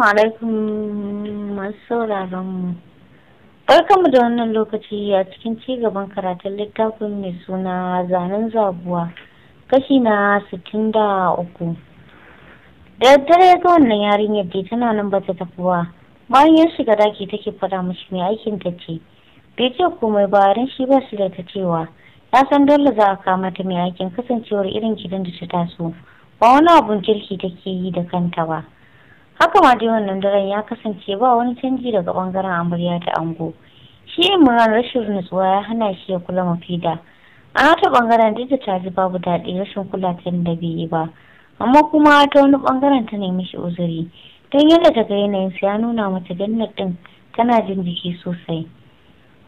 Assalamu alaikum masu Barkanmu da wannan lokaci a cikin ci gaban karatun littafin mai suna zanen zabuwa kashi na sittin da uku. Da daddare ga wannan yarinyar ya tana nan ba ta tafi ba. Bayan ya shiga daki take faɗa mashi mai aikin ta ce. Bai ce komai ba ran shi ba su da ta cewa. Ya san dole za a kama ta mai aikin kasancewar irin gidan da ta taso. Ba wani abun kirki take yi da kanta ba. haka ma dai wannan daren ya kasance ba wani canji daga bangaren amarya da ango shi imran rashin nutsuwa ya hana shi ya kula mafida a nata bangaren duk da ta ji babu daɗi rashin kula ta da bai yi ba amma kuma ta wani bangaren ta nemi shi uzuri don yadda ta ga yanayin ya nuna mata gannar ɗin tana jin jiki sosai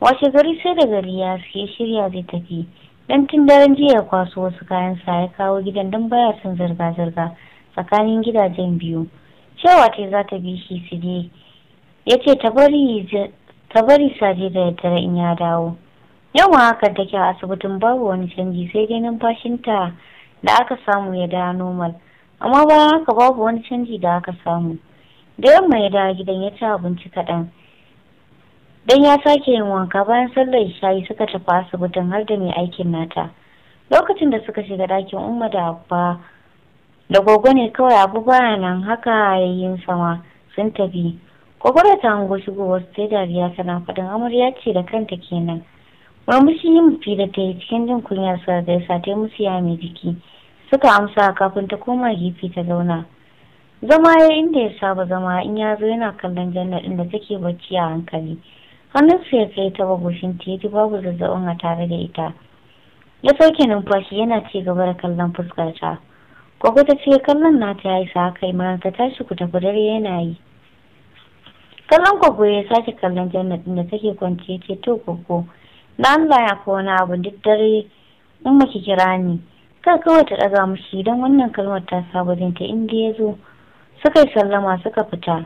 washe gari sai da gari ya siya shirya zai tafi dan tun daren jiya ya kwaso wasu kayan sa ya kawo gidan don baya son zirga-zirga tsakanin gidajen biyu cewa ce za ta bi shi su je ya ce ta bari saje da yadda in ya dawo yawan haka take a asibitin babu wani canji sai dai numfashinta da aka samu ya da normal amma bayan haka babu wani canji da aka samu da yamma ya dawo gidan ya ci abinci kaɗan dan ya sake yin wanka bayan sallar shayi suka tafi asibitin har da mai aikin nata lokacin da suka shiga ɗakin umma da abba da gogo ne kawai abu nan haka yayin sama sun tafi gwagwara ta hango wasu, sai dariya tana faɗin amarya ce da kanta kenan murmushi yi mafi da ta yi cikin jin kunyar sa da yasa ta yi musu ya mai jiki suka amsa kafin ta koma gefe ta zauna zama ya inda ya saba zama in ya zo yana kallon janna ɗin da take bacci a hankali su ya kai ta bagoshin ta yi babu zazzabin a tare da ita ya sauke numfashi yana ci gaba da kallon fuskar ta Gwaggo ta ce kallon nata ya isa kai ma ka tashi ku tafi dare yana yi. Kallon gwaggo ya sake kallon Jannat da take kwance ce to gwaggo na Allah ya ko wani abu diddare. dare in maki kira ni. Kar kawai ta ɗaga mushi don wannan kalmar ta saba ta inda ya zo. Suka yi sallama suka fita.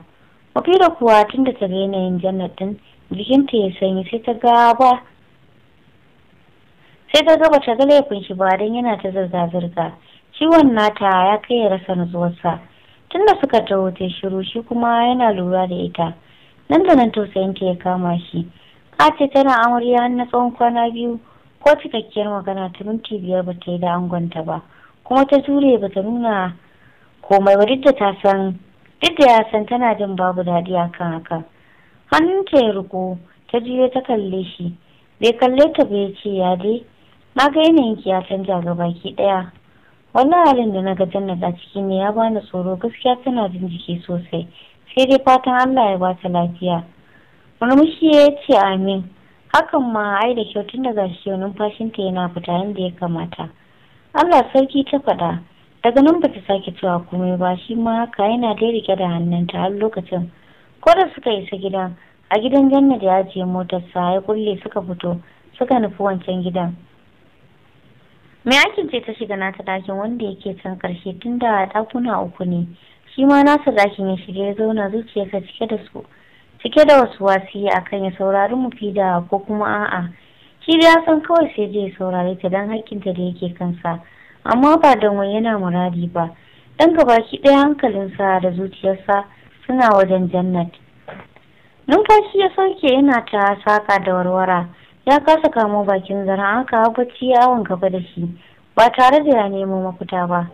Mafira kuwa tun da ta ga yanayin Jannat din jikinta ya sanyi sai ta ga ba sai ta ga bata ga laifin shi ba don yana ta zirga-zirga. ciwon nata ya kai ya rasa nutsuwarsa Tun da suka taho ta shiru shi kuma yana lura da ita nan da nan tausayin ta ya kama shi ce tana amarya na tsawon kwana biyu ko cikakkiyar magana ta minti biyar ba ta yi da angonta ba kuma ta jure ba ta nuna komai ba duk da ta san duk da ya san tana jin babu daɗi a kan haka hannunta ya riko ta juyo ta kalle shi bai kalle ta ba ya ce ya dai na ga yanayinki ya canja ga baki ɗaya wannan halin da na ga jannat a ciki ne ya bani tsoro gaskiya tana jin jiki sosai sai dai fatan allah ya bata lafiya murmushi ya ce amin hakan ma ai da kyau tun daga shi numfashinta yana fita yadda ya kamata allah sarki ta faɗa daga nan bata sake cewa komai ba shi ma haka yana dai rike da hannunta har lokacin ko da suka isa gidan, a gidan jannat ya ajiye motarsa ya kulle suka fito suka nufi wancan gidan me aikin ce ta shiga nata ɗakin wanda yake can ƙarshe tun da ɗakuna uku ne shi ma nasa ɗakin ya shiga ya zauna zuciyarsa cike da su cike da wasu wasi akan ya saurari mu da ko kuma a'a shi da ya san kawai sai je saurari saurare ta don haƙƙinta da yake kansa amma ba don wani yana muradi ba dan gabaki ɗaya hankalinsa da zuciyarsa suna wajen jannat numfashi ya sauke yana ta saka da warwara ya kasa kamo bakin zaren aka bacci ya awon gaba da shi ba tare da ya nemo mafita ba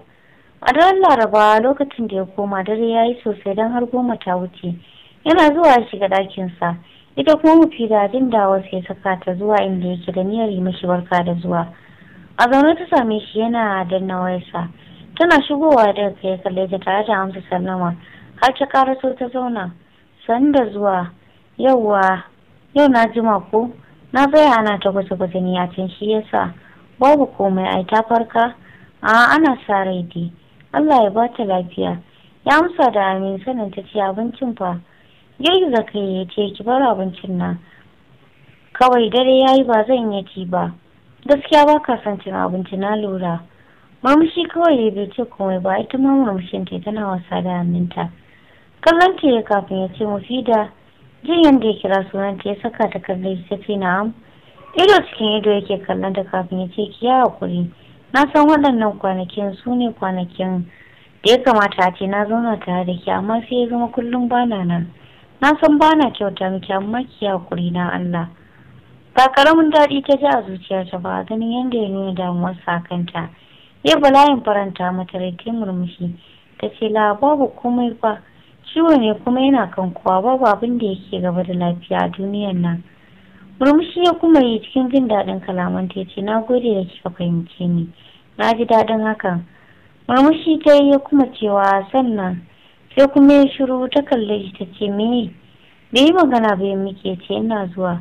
a daren laraba lokacin da ya koma dare ya yi sosai don har goma ta wuce yana zuwa shiga ɗakinsa ita kuma mufida din da wasu ya saka ta zuwa inda yake da niyyar yi mashi barka da zuwa a zaune ta same shi yana danna wayarsa tana shigowa da kai kalle ta tare da amsa sallama har ta karaso ta zauna sanda zuwa yauwa yau na jima ko na bai ana ta gwaje-gwaje ni a can shi yasa babu komai ai ta farka a ana sa rai Allah ya ba ta lafiya ya amsa da amin sanin ta ce abincin fa girgiza kai ya ce ki bar abincin nan kawai dare ya yi ba zan iya ci ba gaskiya ba ka son cin abinci na lura murmushi kawai ya bai ce komai ba ita ma murmushin ta tana wasa da aminta kallon ta ya kafin ya ce mufida jin yadda ya kira sunan ya saka ta kalli ta ce na'am ido cikin ido yake kallon ta kafin ya ce ki hakuri na san waɗannan kwanakin su ne kwanakin da ya kamata a ce na zauna tare da ki amma sai ya zama kullum bana nan na san bana kyauta miki amma ki hakuri na Allah ba karamin daɗi ta ji a zuciyarta ba ganin yadda ya nuna damuwar sa kanta ya yin faranta mata rai murmushi ta ce la babu komai ba ciwo ne kuma yana kan kowa babu abin da yake gaba da lafiya a duniyan nan murmushi ya kuma yi cikin jin daɗin kalaman ta ce na gode da kika fahimce ni na ji daɗin hakan murmushi ta yi ya kuma cewa sannan sai kuma ya shiru ta kalli shi ta ce me bai yi magana ba muke ce ina zuwa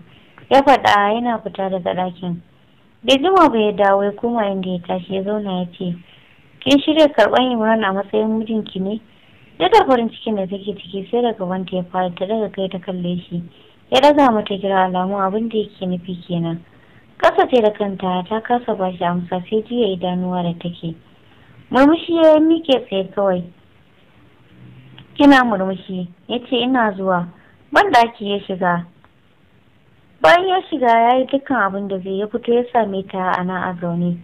ya faɗa yana fita daga ɗakin bai jima bai ya dawo ya koma inda ya tashi ya zauna ya ce kin shirya karɓar imran a matsayin mijinki ne da farin cikin da take ciki sai daga wanda ya fara ta daga kai ta kalle shi ya daga mata kira alamu abin da yake nufi kenan kasa ce da kanta ta kasa ba shi amsa sai jiya idanuwa da take murmushi ya mike tsaye kawai kina murmushi ya ce ina zuwa ban ya shiga bayan ya shiga ya yi dukkan abin da zai ya fito ya same ta a a zaune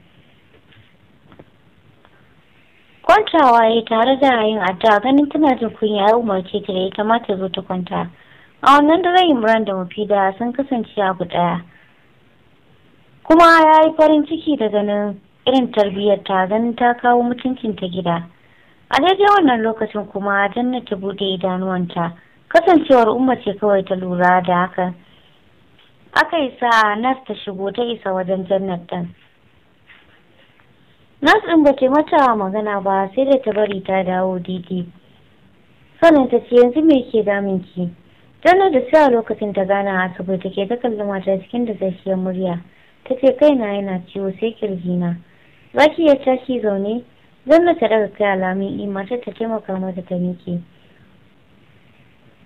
kwantawa ya tare da yin adda ganin tana jin kunya ya umarce ta da ya kamata zo ta kwanta a wannan dare imran da mafida sun kasance a kuɗaya. kuma ya yi farin ciki da ganin irin tarbiyyar ta ganin ta kawo mutuncin ta gida a daidai wannan lokacin kuma janna ta buɗe idanuwanta kasancewar umma ce kawai ta lura da hakan aka yi sa'a nas ta shigo ta isa wajen jannat ɗin nas ɗin ba ke mata magana ba sai da ta bari ta dawo didi sannan ta ce yanzu me ke daminki? ki tana da sai a lokacin ta gana a asibiti take ta kalli mata cikin da zafiyar murya ta ce na yana ciwo sai kirjina za ki iya tashi zaune zanna ta daga kai alamin i mata ta taimaka mata ta miƙe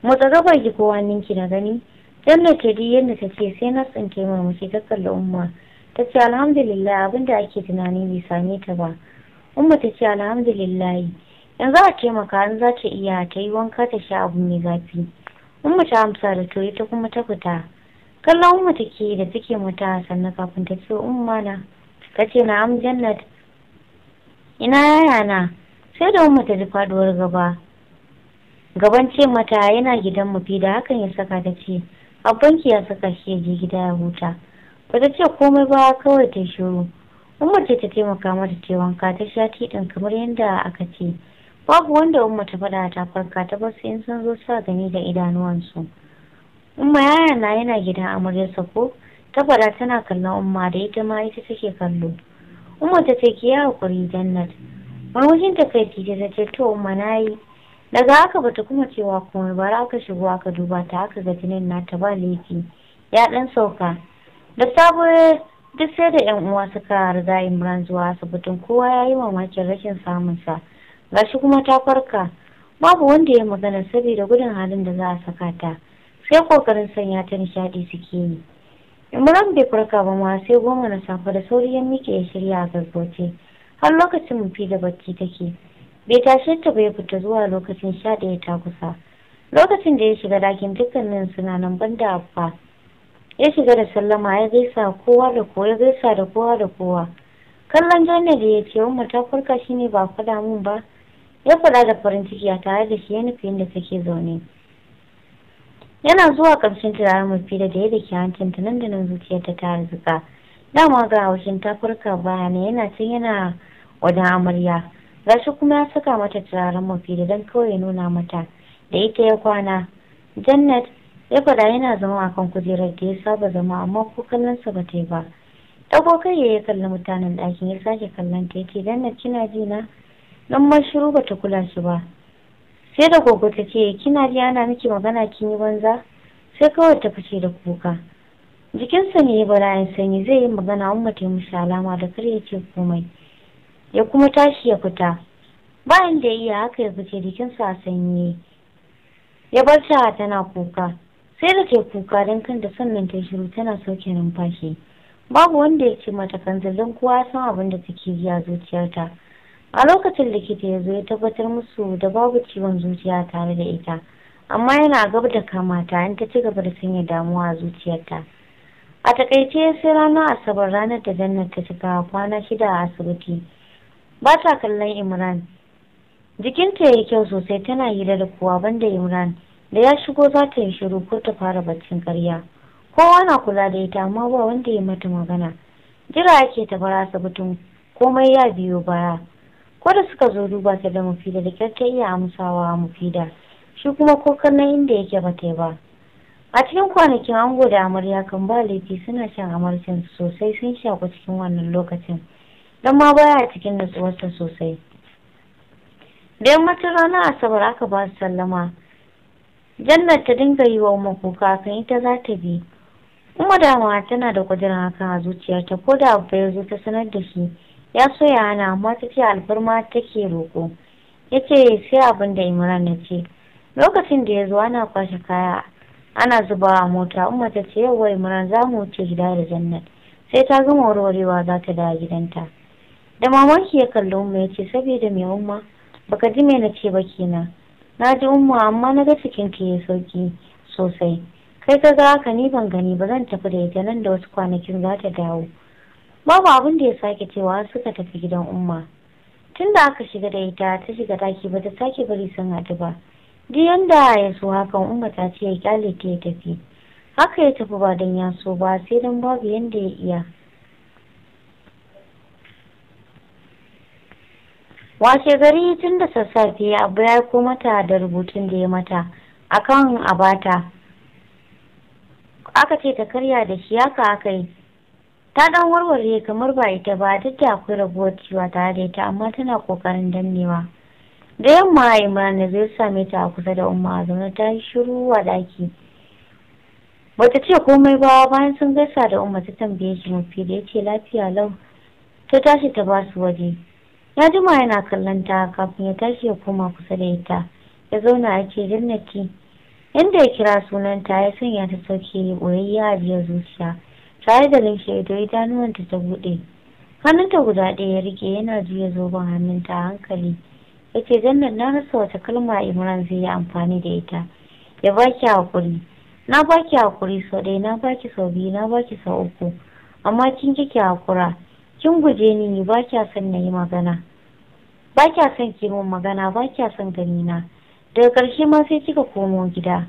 Mu gabar ki ko ninki na gani janna ta di yadda ta ce sai na tsinke mamaki ta kalli umma ta ce alhamdulillah abin da ake tunani bai same ta ba umma ta ce alhamdulillah za a taimaka in za ta iya ta yi wanka ta sha abu mai zafi umma ta amsa da to ta kuma ta fita kallon umma ke da take mata sannan kafin ta ce umma na ta ce na am jannat ina yaya na sai da umma ta ji faduwar gaba gaban ce mata yana gidan mafi da hakan ya saka ta ce abbanki ya saka shi ya je gida ya huta ba ta ce komai ba kawai ta shiru umma ce ta taimaka mata ta wanka ta sha tiɗin kamar yadda aka ce babu wanda umma ta faɗa ta farka ta bar in sun zo sa gani da idanuwansu umma yaya na yana gidan amaryarsa ko ta faɗa tana kallon umma da ita ma ita take kallo umma ta ce ki ya hakuri jannat murmushin ta kai titi ta ce to umma na yi daga haka ba ta kuma cewa komai ba aka shigo aka duba ta aka ga jinin na ta ba laifi ya ɗan sauka da sabuwar duk sai da yan uwa suka riga imran zuwa asibitin kowa ya yi mamakin rashin samun sa gashi kuma ta farka babu wanda ya magana saboda gudun halin da za a saka ta sai kokarin sanya ta nishadi suke yi imran bai farka ba ma sai goma na safe da sauri ya mike ya shirya a gaggauce har lokacin mafi da bacci take bai tashe ta bai fita zuwa lokacin sha ɗaya ta kusa lokacin da ya shiga dakin dukkanin suna nan banda abba ya shiga da sallama ya gaisa kowa da kowa ya gaisa da kowa da kowa kallon jonna da ya ce wani mata farka shi ne ba faɗa mun ba ya faɗa da farin ciki a tare da shi ya nufi inda take zaune yana zuwa ƙarshen turaren mafi da daya da ke hancinta nan da nan zuciyarta ta arzika dama ga haushin ta farka baya ne yana cin yana wajen amarya gashi kuma ya saka mata turaren mafi da don kawai nuna mata da ita ya kwana Janet Sai fada yana zama a kan kujerar da ya saba zama amma ko kallonsa ba ta yi ba Ɗauko kai ya kalli mutanen ɗakin ya sake kallon ta yake dan na kina ji na nan ma shiru ba ta kula shi ba sai da gogo ta ce kina ji ana miki magana kin yi banza sai kawai ta fice da kuka jikinsa ne ya 'yan sanyi zai yi magana amma ta mishi alama da kar ya ce komai ya kuma tashi ya fita bayan da ya iya haka ya fice jikinsa a sanyi ya bar ta tana kuka sai da ke kukarin kanta sannan ta shiru tana sauke numfashi babu wanda ya ce mata kanzalin kowa ya san abin da take ji a zuciyarta a lokacin likita ya zo ya tabbatar musu da babu ciwon zuciya tare da ita amma yana gaba da kamata in ta ci gaba da sanya damuwa a zuciyarta a takaice sai ranar asabar ranar da jannar ta cika kwana shida a asibiti ba ta kallon imran jikinta ya yi kyau sosai tana hira da kowa banda imran da ya shigo za ta yi shiru ko ta fara baccin karya kowa na kula da ita amma ba wanda ya mata magana jira yake ta bar asibitin komai ya biyo baya ko da suka zo duba ta da mufida da kyar ta iya amsawa mufida shi kuma ko na inda yake ba ta ba a cikin kwanakin ango da amarya kan ba laifi suna shan amarcin sosai sun shaku cikin wannan lokacin don ma baya cikin natsuwarsa sosai da yammacin ranar asabar aka ba su sallama jannat ta dinga yi wa umma kan ita za ta bi da dama tana da kudin haka a zuciyarta ko da abu ya zo ta sanar da shi ya so ya hana amma ta ce alfarma take roƙo ya ce sai abin da imran ya ce lokacin da ya zo ana kwashe kaya ana zubawa mota umma ta ce yau imran za mu wuce gida da jannat sai ta gama warwarewa za ta dawo gidanta da mamaki ya kalli umma ya ce saboda mai umma baka ji me na ce ba kenan na ji umma amma na ga cikin ki ya sauki sosai kai ka ga haka ni ban gani ba zan tafi da ita nan da wasu kwanakin za ta dawo babu abin da ya sake cewa suka tafi gidan umma tun da aka shiga da ita ta shiga daki ba ta sake bari sun haɗu ba duk yanda ya so hakan umma ta ce ya kyale ta ya tafi haka ya tafi ba dan ya so ba sai don babu yanda ya iya washe gari tun da sassafe abu ya ko mata da rubutun da ya mata akan abata aka ce ta karya da shi haka aka yi ta dan warware kamar ba ita ba duk da akwai rabuwar ciwa tare da ita amma tana kokarin dannewa da yamma imran zai same ta a kusa da umma zaune ta yi shiru a daki bata ce komai ba bayan sun gaisa da umma ta tambaye shi mafi da ya ce lafiya lau ta tashi ta basu waje ya jima yana kallon ta kafin ya tashi ya koma kusa da ita ya zauna a ce jannati yadda ya kira sunanta ya sanya ta sauke ɓoyayya a zuciya tare da rinke ido idanuwanta ta buɗe hannunta guda ɗaya ya rike yana juya zoben hannunta a hankali ya ce zannan na rasa wata kalma imran zai yi amfani da ita ya baki hakuri na baki hakuri sau ɗaya na baki sau biyu na baki sau uku amma kin kike hakura kin guje ni ba kya son na yi magana ba kya son ki min magana ba kya son gani na daga ƙarshe ma sai kika komo gida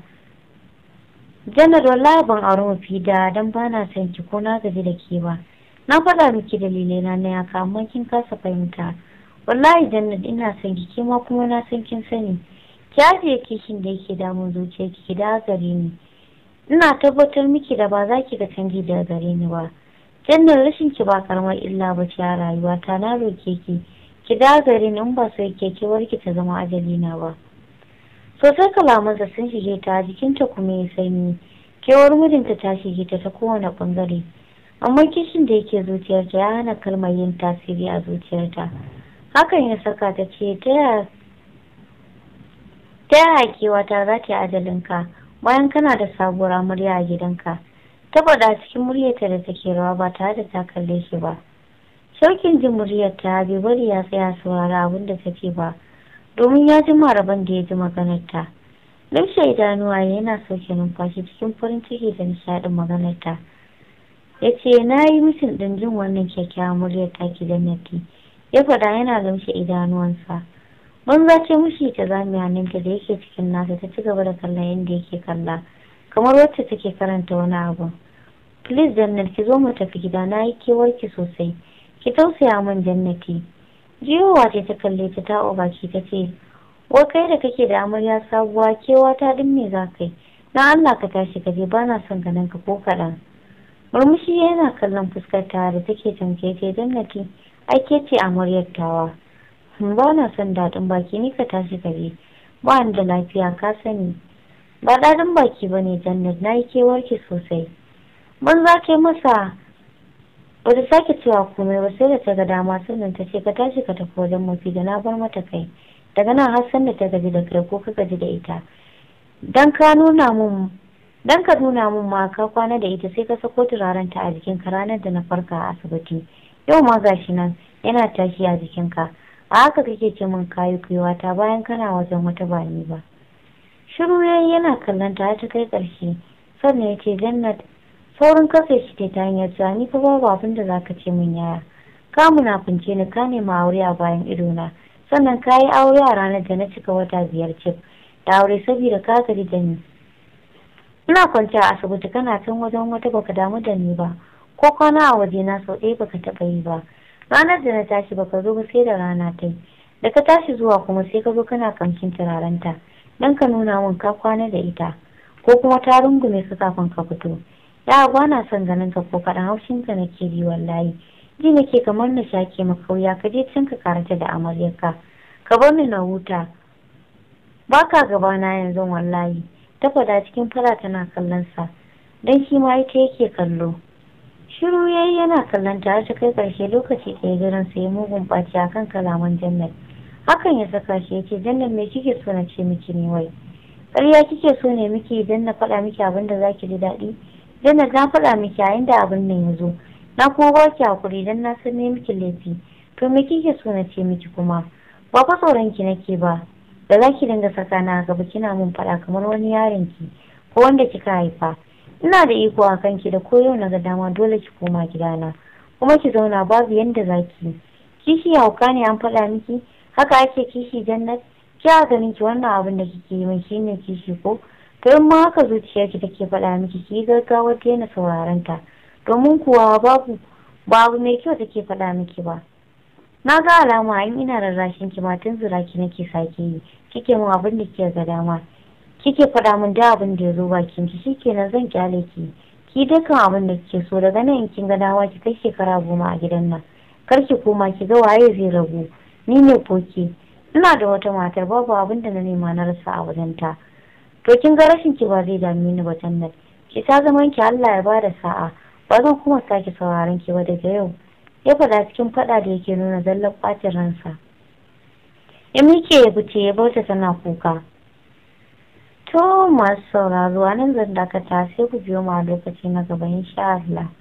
janar wallahi ban auri mafi da dan ba na son ki ko na gaji da ke ba na faɗa miki dalilai na na yaka amma kin kasa fahimta wallahi janar ina son ki ke ma kuma na san kin sani ki ajiye kishin da yake damun zuciya ki da gare ni ina tabbatar miki da ba za ki ga canji daga gare ni ba jannar rashin ki ba karamar illa ba ce a rayuwa ta na roke ki ki da gari in ba so ke ki ta zama ajali na ba sosai kalamansa sun shige ta jikinta kuma ya sanyi kewar mudinta ta shige ta ta kowane bangare amma kishin da yake zuciyarta ya hana kalmar yin tasiri a zuciyarta hakan ya saka ta ce ta yaya kewa ta za ta yi ajalinka bayan kana da sabuwar amarya a gidanka ta faɗa cikin muryarta da take rawa ba tare da ta kalle shi ba shaukin jin muryarta bai bari ya tsaya saurara abin da ta ce ba domin ya ji maraban da ya ji maganarta limshe idanuwa yana sauke numfashi cikin farin ciki da nishaɗin maganarta ya ce na yi mishin ɗin jin wannan kyakkyawan muryar taki da nafi ya faɗa yana limshe idanuwansa banza ce mushi ta zami hannunta da yake cikin nasa ta ci gaba da kallon yadda yake kalla kamar wacce take karanta wani abu please Jannar ki zo mu tafi gida na yi kewar ki sosai ki tausaya min jannati jiyowa ce ta kalle ta ta baki ta ce wa kai da kake da amarya sabuwa kewa ta din me za kai na allah ka tashi ka je bana son ganin ka ko kaɗan murmushi yana kallon fuskar ta da take tamke ta jannati ai ke ce amaryar tawa ba na son daɗin baki ni ka tashi ka je ba da lafiya ka sani ba daɗin baki ba ne jannat na yi kewar ki sosai banza kai masa ba ta sake cewa komai ba sai da ta ga dama sannan ta ce ka tashi ka tafi wajen mafi da na bar mata kai daga nan har san da ta gaji da kai ko ka gaji da ita dan ka nuna mun dan ma ka kwana da ita sai ka sako turaren ta a jikin ka ranar da na farka a asibiti yau ma gashi nan yana tashi a jikin ka a haka kake ce min kayi kuiwa ta bayan kana wajen wata bani ba shiru yayi yana kallon ta ta kai karshe sannan ya ce jannat saurin kasa shi ta hanyar ta ni fa babu abin da ka ce min yaya ka munafunce ni ka nema aure a bayan idona sannan ka yi aure a ranar da na cika wata biyar cif da aure saboda ka gari da ni ina kwanciya a asibiti kana can wajen wata baka damu da ni ba ko kwana a waje na sau ɗaya baka taɓa yi ba ranar da na tashi baka zo ba sai da rana ta yi da ka tashi zuwa kuma sai ka zo kana kamshin ta, dan ka nuna min ka kwana da ita ko kuma ta rungume ka kafin ka fito ya ba na son ganin ka ko kaɗan haushin ka ke ji wallahi ji na ke kamar na shake ma, kauya ka je can ka karanta da amaryarka ka bar ni na huta ba ka gaba na yanzu wallahi ta cikin fara tana kallon sa dan shi ma ita yake kallo shiru yayi yana kallon ta har ta kai karshe lokaci ɗaya jiran ya mugun ɓaci kan kalaman jannat hakan ya saka shi yace jannat me kike so na ce miki ne wai ƙarya kike so ne miki idan na faɗa miki abin da zaki ji daɗi janar na faɗa miki a da abin nan ya zo na kuma ba ki hakuri don na san ne miki laifi to me kike so na ce miki kuma ba fa tsoron ki nake ba da za ki dinga saka na gaba kina min faɗa kamar wani yaron ki ko wanda kika haifa ina da iko a ki da ko yau na ga dama dole ki koma gidana kuma ki zauna babu yanda za ki kishi hauka ne an faɗa miki haka ake kishi jannat kiya ganin ki wannan abin da kike yi min shine kishi ko to ma haka zuciyarki take faɗa miki ki gaggawa daina sauraron ta domin kuwa babu babu mai kyau take faɗa miki ba na ga alama in ina rarrashin ki ma tun zura ki nake sake yi kike mun abin da kike ga dama kike faɗa min da abin da ya zo bakin ki na zan kyale ki ki dukkan abin da kike so daga nan in kin ga dama ki kai shekara goma a gidan nan kar ki koma ki ga waye zai ragu ni ne koke ina da wata matar babu abin da na nema na rasa a wajenta. ta to kin ga rashin ki ba zai dame ni ba jannat ki ta zaman ki Allah ya bada sa'a ba zan kuma sake sauraron ki ba daga yau ya fada cikin fada da yake nuna zallan ɓacin ransa ya mike ya fice ya bauta tana kuka to masu sauraro nan zan dakata sai ku biyo ma lokaci na gaba insha Allah